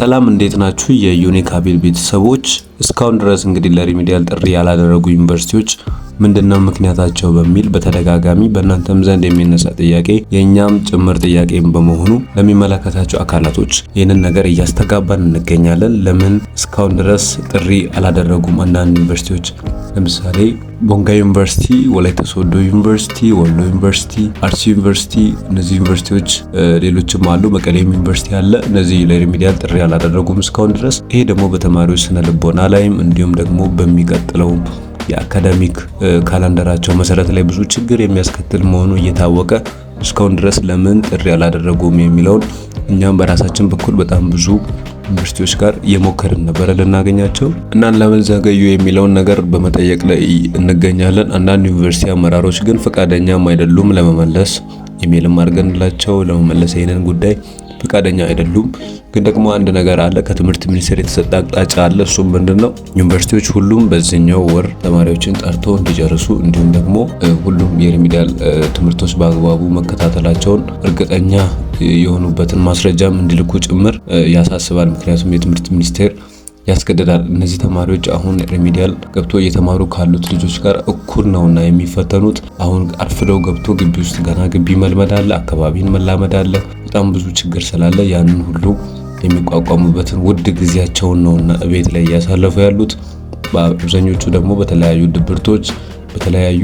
ሰላም እንዴት ናችሁ? የዩኒክ ሀቢል ቤተሰቦች እስካሁን ድረስ እንግዲህ ለሪሚዲያል ጥሪ ያላደረጉ ዩኒቨርሲቲዎች ምንድነው ምክንያታቸው በሚል በተደጋጋሚ በእናንተም ዘንድ የሚነሳ ጥያቄ የእኛም ጭምር ጥያቄ በመሆኑ ለሚመለከታቸው አካላቶች ይህንን ነገር እያስተጋባን እንገኛለን። ለምን እስካሁን ድረስ ጥሪ አላደረጉም? አንዳንድ ዩኒቨርሲቲዎች ለምሳሌ ቦንጋ ዩኒቨርሲቲ፣ ወላይታ ሶዶ ዩኒቨርሲቲ፣ ወሎ ዩኒቨርሲቲ፣ አርሲ ዩኒቨርሲቲ፣ እነዚህ ዩኒቨርሲቲዎች ሌሎችም አሉ፣ መቀሌም ዩኒቨርሲቲ አለ። እነዚህ ለሪሚዲያል ጥሪ አላደረጉም እስካሁን ድረስ። ይሄ ደግሞ በተማሪዎች ስነ ልቦና ላይም እንዲሁም ደግሞ በሚቀጥለው የአካዳሚክ ካላንደራቸው መሰረት ላይ ብዙ ችግር የሚያስከትል መሆኑ እየታወቀ እስካሁን ድረስ ለምን ጥሪ አላደረጉም የሚለውን እኛም በራሳችን በኩል በጣም ብዙ ዩኒቨርሲቲዎች ጋር እየሞከርን ነበረ ልናገኛቸው እናን ለምን ዘገዩ የሚለውን ነገር በመጠየቅ ላይ እንገኛለን። አንዳንድ ዩኒቨርሲቲ አመራሮች ግን ፈቃደኛም አይደሉም ለመመለስ ኢሜልም አድርገንላቸው ለመመለስ ይህንን ጉዳይ ፈቃደኛ አይደሉም። ግን ደግሞ አንድ ነገር አለ። ከትምህርት ሚኒስቴር የተሰጠ አቅጣጫ አለ። እሱም ምንድነው? ዩኒቨርሲቲዎች ሁሉም በዚህኛው ወር ተማሪዎችን ጠርቶ እንዲጨርሱ እንዲሁም ደግሞ ሁሉም የሪሚዲያል ትምህርቶች በአግባቡ መከታተላቸውን እርግጠኛ የሆኑበትን ማስረጃም እንዲልኩ ጭምር ያሳስባል። ምክንያቱም የትምህርት ሚኒስቴር ያስገድዳል። እነዚህ ተማሪዎች አሁን ሪሚዲያል ገብቶ እየተማሩ ካሉት ልጆች ጋር እኩል ነውና የሚፈተኑት። አሁን አርፍደው ገብቶ ግቢ ውስጥ ገና ግቢ መልመድ አለ፣ አካባቢን መላመድ አለ፣ በጣም ብዙ ችግር ስላለ ያንን ሁሉ የሚቋቋሙበትን ውድ ጊዜያቸውን ነውና ቤት ላይ እያሳለፉ ያሉት። በአብዛኞቹ ደግሞ በተለያዩ ድብርቶች በተለያዩ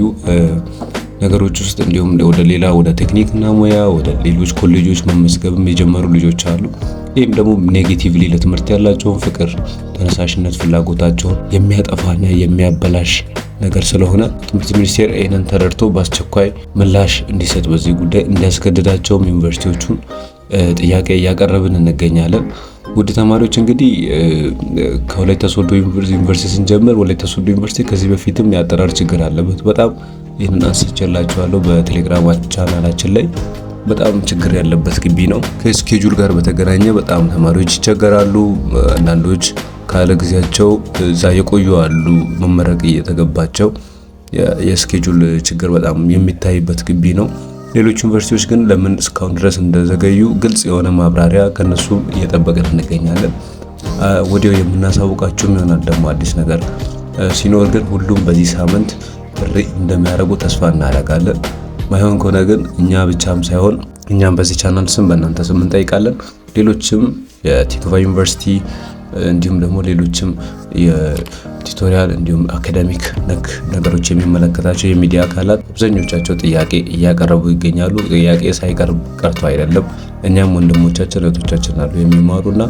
ነገሮች ውስጥ እንዲሁም ወደ ሌላ ወደ ቴክኒክና ሙያ ወደ ሌሎች ኮሌጆች መመዝገብም የጀመሩ ልጆች አሉ። ይህም ደግሞ ኔጌቲቭሊ ለትምህርት ያላቸውን ፍቅር፣ ተነሳሽነት፣ ፍላጎታቸውን የሚያጠፋና የሚያበላሽ ነገር ስለሆነ ትምህርት ሚኒስቴር ይህንን ተረድቶ በአስቸኳይ ምላሽ እንዲሰጥ በዚህ ጉዳይ እንዲያስገድዳቸውም ዩኒቨርሲቲዎቹን ጥያቄ እያቀረብን እንገኛለን። ውድ ተማሪዎች እንግዲህ ከወላይታ ሶዶ ዩኒቨርሲቲ ስንጀምር ወላይታ ሶዶ ዩኒቨርሲቲ ከዚህ በፊትም የአጠራር ችግር አለበት በጣም ይህን አስችላችኋለሁ በቴሌግራም ቻናላችን ላይ። በጣም ችግር ያለበት ግቢ ነው። ከስኬጁል ጋር በተገናኘ በጣም ተማሪዎች ይቸገራሉ። አንዳንዶች ካለ ጊዜያቸው እዛ የቆዩ አሉ። መመረቅ እየተገባቸው የስኬጁል ችግር በጣም የሚታይበት ግቢ ነው። ሌሎች ዩኒቨርሲቲዎች ግን ለምን እስካሁን ድረስ እንደዘገዩ ግልጽ የሆነ ማብራሪያ ከነሱ እየጠበቅን እንገኛለን። ወዲያው የምናሳውቃችሁም ይሆናል ደግሞ አዲስ ነገር ሲኖር ግን ሁሉም በዚህ ሳምንት ጥሪ እንደሚያደርጉ ተስፋ እናደርጋለን። ማይሆን ከሆነ ግን እኛ ብቻም ሳይሆን እኛም በዚህ ቻናል ስም በእናንተ ስም እንጠይቃለን። ሌሎችም የቲክቫ ዩኒቨርሲቲ እንዲሁም ደግሞ ሌሎችም የቱቶሪያል እንዲሁም አካዳሚክ ነክ ነገሮች የሚመለከታቸው የሚዲያ አካላት አብዛኞቻቸው ጥያቄ እያቀረቡ ይገኛሉ። ጥያቄ ሳይቀርብ ቀርቶ አይደለም። እኛም ወንድሞቻችን እህቶቻችን አሉ የሚማሩና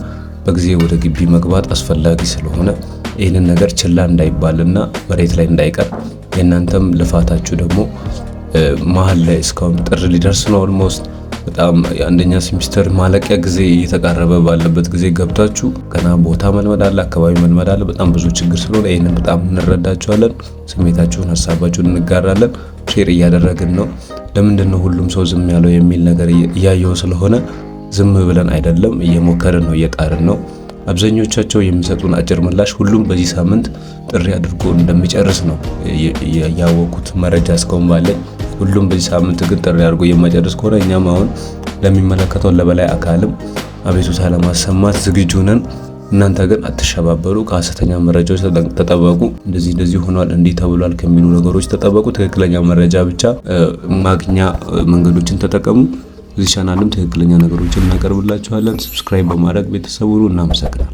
በጊዜ ወደ ግቢ መግባት አስፈላጊ ስለሆነ ይህንን ነገር ችላ እንዳይባልና መሬት ላይ እንዳይቀር የእናንተም ልፋታችሁ ደግሞ መሀል ላይ እስካሁን ጥር ሊደርስ ነው ኦልሞስት በጣም የአንደኛ ሴሚስተር ማለቂያ ጊዜ እየተቃረበ ባለበት ጊዜ ገብታችሁ ገና ቦታ መልመድ አለ፣ አካባቢ መልመድ አለ። በጣም ብዙ ችግር ስለሆነ ይህንን በጣም እንረዳችኋለን። ስሜታችሁን፣ ሀሳባችሁን እንጋራለን። ሼር እያደረግን ነው። ለምንድን ነው ሁሉም ሰው ዝም ያለው የሚል ነገር እያየው ስለሆነ ዝም ብለን አይደለም፣ እየሞከርን ነው፣ እየጣርን ነው። አብዛኞቻቸው የሚሰጡን አጭር ምላሽ ሁሉም በዚህ ሳምንት ጥሪ አድርጎ እንደሚጨርስ ነው ያወቁት መረጃ እስካሁን ባለኝ። ሁሉም በዚህ ሳምንት ግን ጥሪ አድርጎ የማይጨርስ ከሆነ እኛም አሁን ለሚመለከተው ለበላይ አካልም አቤቱታ ለማሰማት ዝግጁ ነን። እናንተ ግን አትሸባበሩ፣ ከሀሰተኛ መረጃዎች ተጠበቁ። እንደዚህ እንደዚህ ሆኗል፣ እንዲህ ተብሏል ከሚሉ ነገሮች ተጠበቁ። ትክክለኛ መረጃ ብቻ ማግኛ መንገዶችን ተጠቀሙ። እዚህ ቻናልም ትክክለኛ ነገሮችን እናቀርብላችኋለን። ሰብስክራይብ በማድረግ ቤተሰቡ እናመሰግናል።